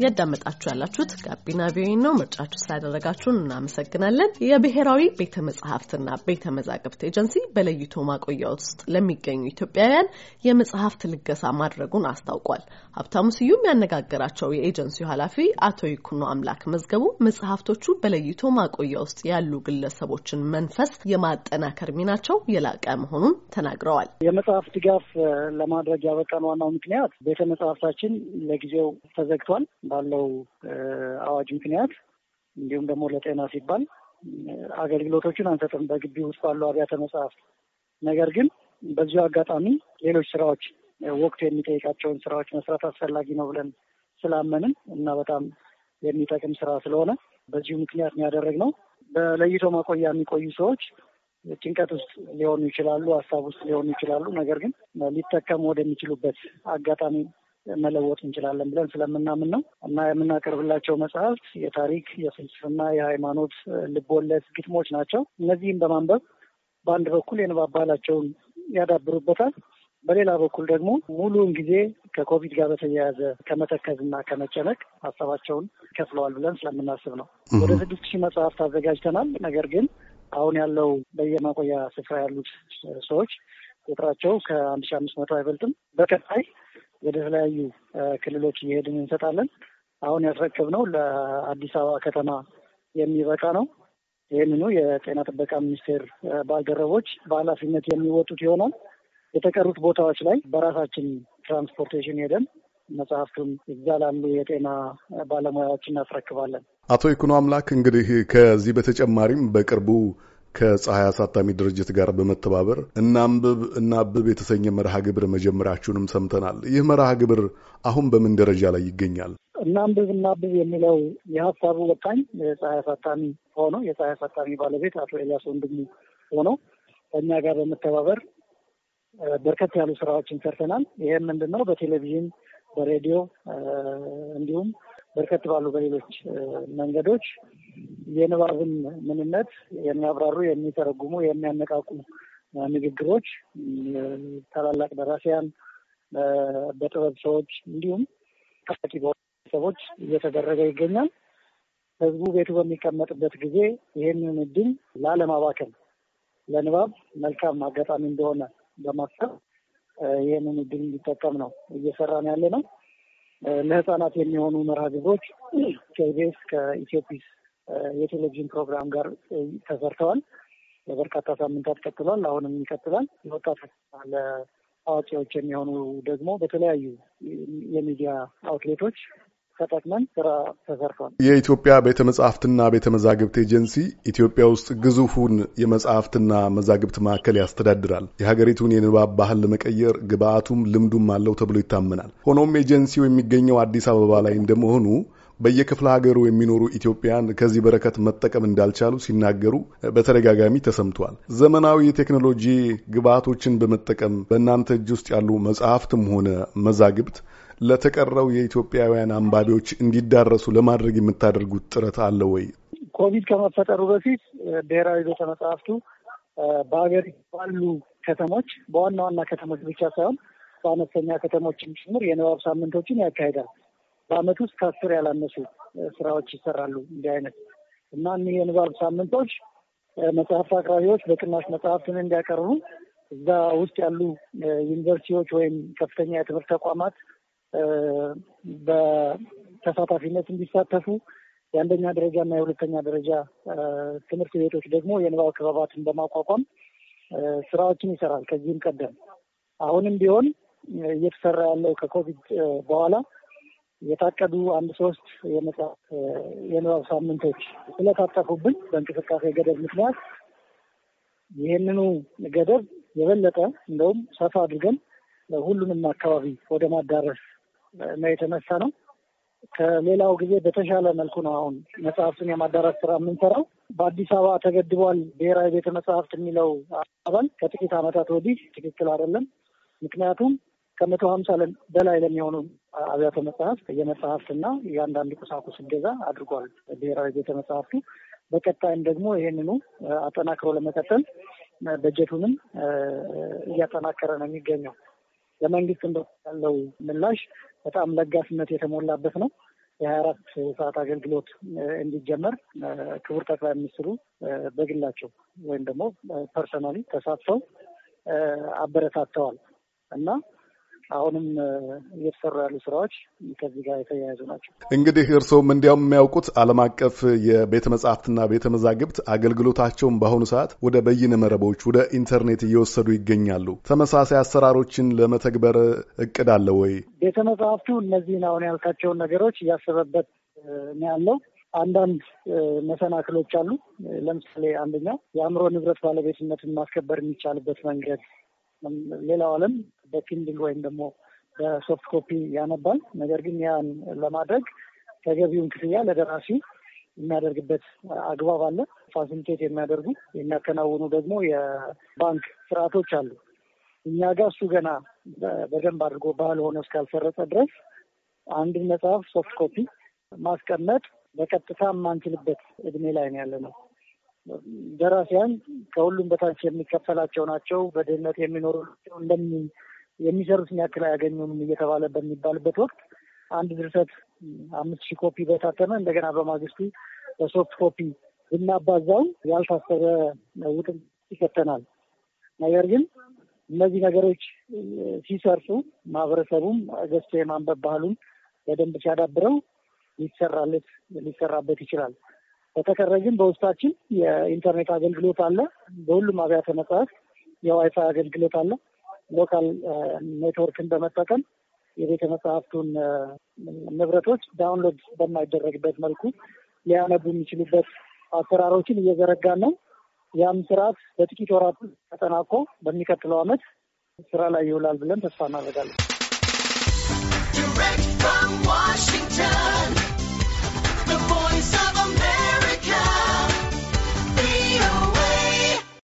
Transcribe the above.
እያዳመጣችሁ ያላችሁት ጋቢና ቪኦኤ ነው። ምርጫችሁ ስላደረጋችሁን እናመሰግናለን። የብሔራዊ ቤተ መጽሐፍትና ቤተ መዛግብት ኤጀንሲ በለይቶ ማቆያ ውስጥ ለሚገኙ ኢትዮጵያውያን የመጽሐፍት ልገሳ ማድረጉን አስታውቋል። ሀብታሙ ስዩም ያነጋገራቸው የኤጀንሲው ኃላፊ አቶ ይኩኖ አምላክ መዝገቡ መጽሐፍቶቹ በለይቶ ማቆያ ውስጥ ያሉ ግለሰቦችን መንፈስ የማጠናከር ሚናቸው የላቀ መሆኑን ተናግረዋል። የመጽሐፍ ድጋፍ ለማድረግ ያበቃን ዋናው ምክንያት ቤተ መጽሐፍታችን ለጊዜው ተዘግቷል። ባለው አዋጅ ምክንያት እንዲሁም ደግሞ ለጤና ሲባል አገልግሎቶችን አንሰጥም በግቢ ውስጥ ባሉ አብያተ መጽሐፍት። ነገር ግን በዚሁ አጋጣሚ ሌሎች ስራዎች ወቅቱ የሚጠይቃቸውን ስራዎች መስራት አስፈላጊ ነው ብለን ስላመንን እና በጣም የሚጠቅም ስራ ስለሆነ በዚሁ ምክንያት ያደረግነው። በለይቶ ማቆያ የሚቆዩ ሰዎች ጭንቀት ውስጥ ሊሆኑ ይችላሉ፣ ሀሳብ ውስጥ ሊሆኑ ይችላሉ። ነገር ግን ሊጠቀሙ ወደሚችሉበት አጋጣሚ መለወጥ እንችላለን ብለን ስለምናምን ነው እና የምናቀርብላቸው መጽሐፍት የታሪክ፣ የፍልስፍና፣ የሃይማኖት ልቦለድ ግጥሞች ናቸው። እነዚህም በማንበብ በአንድ በኩል የንባብ ባህላቸውን ያዳብሩበታል። በሌላ በኩል ደግሞ ሙሉውን ጊዜ ከኮቪድ ጋር በተያያዘ ከመተከዝ እና ከመጨነቅ ሀሳባቸውን ከፍለዋል ብለን ስለምናስብ ነው። ወደ ስድስት ሺህ መጽሐፍት አዘጋጅተናል። ነገር ግን አሁን ያለው በየማቆያ ስፍራ ያሉት ሰዎች ቁጥራቸው ከአንድ ሺህ አምስት መቶ አይበልጥም። በቀጣይ ወደ ተለያዩ ክልሎች እየሄድን እንሰጣለን። አሁን ያስረከብነው ለአዲስ አበባ ከተማ የሚበቃ ነው። ይህንኑ የጤና ጥበቃ ሚኒስቴር ባልደረቦች በኃላፊነት የሚወጡት ይሆናል። የተቀሩት ቦታዎች ላይ በራሳችን ትራንስፖርቴሽን ሄደን መጽሐፍቱን እዛ ላሉ የጤና ባለሙያዎች እናስረክባለን። አቶ ይኩኖ አምላክ እንግዲህ ከዚህ በተጨማሪም በቅርቡ ከፀሐይ አሳታሚ ድርጅት ጋር በመተባበር እናንብብ እናብብ የተሰኘ መርሃ ግብር መጀመራችሁንም ሰምተናል። ይህ መርሃ ግብር አሁን በምን ደረጃ ላይ ይገኛል? እናንብብ እናብብ የሚለው የሀሳቡ ወጣኝ የፀሐይ አሳታሚ ሆኖ የፀሐይ አሳታሚ ባለቤት አቶ ኤልያስ ወንድሙ ሆኖ ከእኛ ጋር በመተባበር በርከት ያሉ ስራዎችን ሰርተናል። ይህም ምንድን ነው በቴሌቪዥን በሬዲዮ እንዲሁም በርከት ባሉ በሌሎች መንገዶች የንባብን ምንነት የሚያብራሩ፣ የሚተረጉሙ፣ የሚያነቃቁ ንግግሮች ታላላቅ ደራሲያን በጥበብ ሰዎች እንዲሁም ታዋቂ ሰዎች እየተደረገ ይገኛል። ህዝቡ ቤቱ በሚቀመጥበት ጊዜ ይህንን እድል ላለማባከን ለንባብ መልካም አጋጣሚ እንደሆነ በማሰብ ይህንን እድል እንዲጠቀም ነው ነው ያለ ነው። ለህፃናት የሚሆኑ መርሃ ግብሮች ከኢቢኤስ ከኢትዮፒስ የቴሌቪዥን ፕሮግራም ጋር ተሰርተዋል። ለበርካታ ሳምንታት ቀጥሏል። አሁንም ይቀጥላል። ለወጣት አዋቂዎች የሚሆኑ ደግሞ በተለያዩ የሚዲያ አውትሌቶች ተጠቅመን ስራ ተሰርቷል። የኢትዮጵያ ቤተ መጽሐፍትና ቤተ መዛግብት ኤጀንሲ ኢትዮጵያ ውስጥ ግዙፉን የመጽሐፍትና መዛግብት ማዕከል ያስተዳድራል። የሀገሪቱን የንባብ ባህል ለመቀየር ግብአቱም ልምዱም አለው ተብሎ ይታመናል። ሆኖም ኤጀንሲው የሚገኘው አዲስ አበባ ላይ እንደመሆኑ በየክፍለ ሀገሩ የሚኖሩ ኢትዮጵያን ከዚህ በረከት መጠቀም እንዳልቻሉ ሲናገሩ በተደጋጋሚ ተሰምቷል። ዘመናዊ የቴክኖሎጂ ግብዓቶችን በመጠቀም በእናንተ እጅ ውስጥ ያሉ መጽሐፍትም ሆነ መዛግብት ለተቀረው የኢትዮጵያውያን አንባቢዎች እንዲዳረሱ ለማድረግ የምታደርጉት ጥረት አለ ወይ? ኮቪድ ከመፈጠሩ በፊት ብሔራዊ ቤተ መጽሐፍቱ በሀገር ባሉ ከተሞች በዋና ዋና ከተሞች ብቻ ሳይሆን በአነስተኛ ከተሞችም ጭምር የንባብ ሳምንቶችን ያካሂዳል። በአመት ውስጥ ከአስር ያላነሱ ስራዎች ይሰራሉ እንዲህ አይነት እና እኒህ የንባብ ሳምንቶች መጽሐፍ አቅራቢዎች በቅናሽ መጽሐፍትን እንዲያቀርቡ እዛ ውስጥ ያሉ ዩኒቨርሲቲዎች ወይም ከፍተኛ የትምህርት ተቋማት በተሳታፊነት እንዲሳተፉ የአንደኛ ደረጃ እና የሁለተኛ ደረጃ ትምህርት ቤቶች ደግሞ የንባብ ክበባትን በማቋቋም ስራዎችን ይሰራል። ከዚህም ቀደም አሁንም ቢሆን እየተሰራ ያለው ከኮቪድ በኋላ የታቀዱ አንድ ሶስት የመጽሐፍ የንባብ ሳምንቶች ስለታጠፉብኝ በእንቅስቃሴ ገደብ ምክንያት ይህንኑ ገደብ የበለጠ እንደውም ሰፋ አድርገን ሁሉንም አካባቢ ወደ ማዳረስ ነው የተነሳ ነው። ከሌላው ጊዜ በተሻለ መልኩ ነው አሁን መጽሐፍትን የማዳረስ ስራ የምንሰራው። በአዲስ አበባ ተገድቧል ብሔራዊ ቤተ መጽሐፍት የሚለው አባል ከጥቂት ዓመታት ወዲህ ትክክል አይደለም። ምክንያቱም ከመቶ ሀምሳ በላይ ለሚሆኑ አብያተ መጽሐፍት የመጽሐፍትና የአንዳንድ ቁሳቁስ እገዛ አድርጓል ብሔራዊ ቤተ መጽሐፍቱ። በቀጣይም ደግሞ ይህንኑ አጠናክሮ ለመቀጠል በጀቱንም እያጠናከረ ነው የሚገኘው። ለመንግስት እንደ ያለው ምላሽ በጣም ለጋስነት የተሞላበት ነው። የሀያ አራት ሰዓት አገልግሎት እንዲጀመር ክቡር ጠቅላይ ሚኒስትሩ በግላቸው ወይም ደግሞ ፐርሰናሊ ተሳትፈው አበረታተዋል እና አሁንም እየተሰሩ ያሉ ስራዎች ከዚህ ጋር የተያያዙ ናቸው። እንግዲህ እርስዎም እንዲያውም የሚያውቁት ዓለም አቀፍ የቤተ መጽሐፍትና ቤተ መዛግብት አገልግሎታቸውን በአሁኑ ሰዓት ወደ በይነ መረቦች ወደ ኢንተርኔት እየወሰዱ ይገኛሉ። ተመሳሳይ አሰራሮችን ለመተግበር እቅድ አለ ወይ? ቤተ መጽሐፍቱ እነዚህን አሁን ያልካቸውን ነገሮች እያሰበበት ነው ያለው። አንዳንድ መሰናክሎች አሉ። ለምሳሌ አንደኛው የአእምሮ ንብረት ባለቤትነትን ማስከበር የሚቻልበት መንገድ ሌላው ዓለም በኪንድል ወይም ደግሞ በሶፍት ኮፒ ያነባል። ነገር ግን ያን ለማድረግ ተገቢውን ክፍያ ለደራሲው የሚያደርግበት አግባብ አለ። ፋሲሊቴት የሚያደርጉ የሚያከናውኑ ደግሞ የባንክ ስርዓቶች አሉ። እኛ ጋር እሱ ገና በደንብ አድርጎ ባህል ሆኖ እስካልሰረጸ ድረስ አንድን መጽሐፍ ሶፍት ኮፒ ማስቀመጥ በቀጥታ የማንችልበት እድሜ ላይ ነው ያለ ነው። ደራሲያን ከሁሉም በታች የሚከፈላቸው ናቸው፣ በድህነት የሚኖሩ ናቸው፣ እንደሚ የሚሰሩትን ያክል አያገኙም እየተባለ በሚባልበት ወቅት አንድ ድርሰት አምስት ሺህ ኮፒ በታተመ እንደገና በማግስቱ በሶፍት ኮፒ ብናባዛው ያልታሰበ ውጥን ይከተናል። ነገር ግን እነዚህ ነገሮች ሲሰርጹ ማህበረሰቡም ገዝቶ የማንበብ ባህሉን በደንብ ሲያዳብረው ሊሰራለት ሊሰራበት ይችላል። በተቀረ ግን በውስጣችን የኢንተርኔት አገልግሎት አለ። በሁሉም አብያተ መጽሐፍት የዋይፋይ አገልግሎት አለ። ሎካል ኔትወርክን በመጠቀም የቤተ መጽሐፍቱን ንብረቶች ዳውንሎድ በማይደረግበት መልኩ ሊያነቡ የሚችሉበት አሰራሮችን እየዘረጋን ነው። ያም ስርዓት በጥቂት ወራት ተጠናቆ በሚቀጥለው ዓመት ስራ ላይ ይውላል ብለን ተስፋ እናደርጋለን።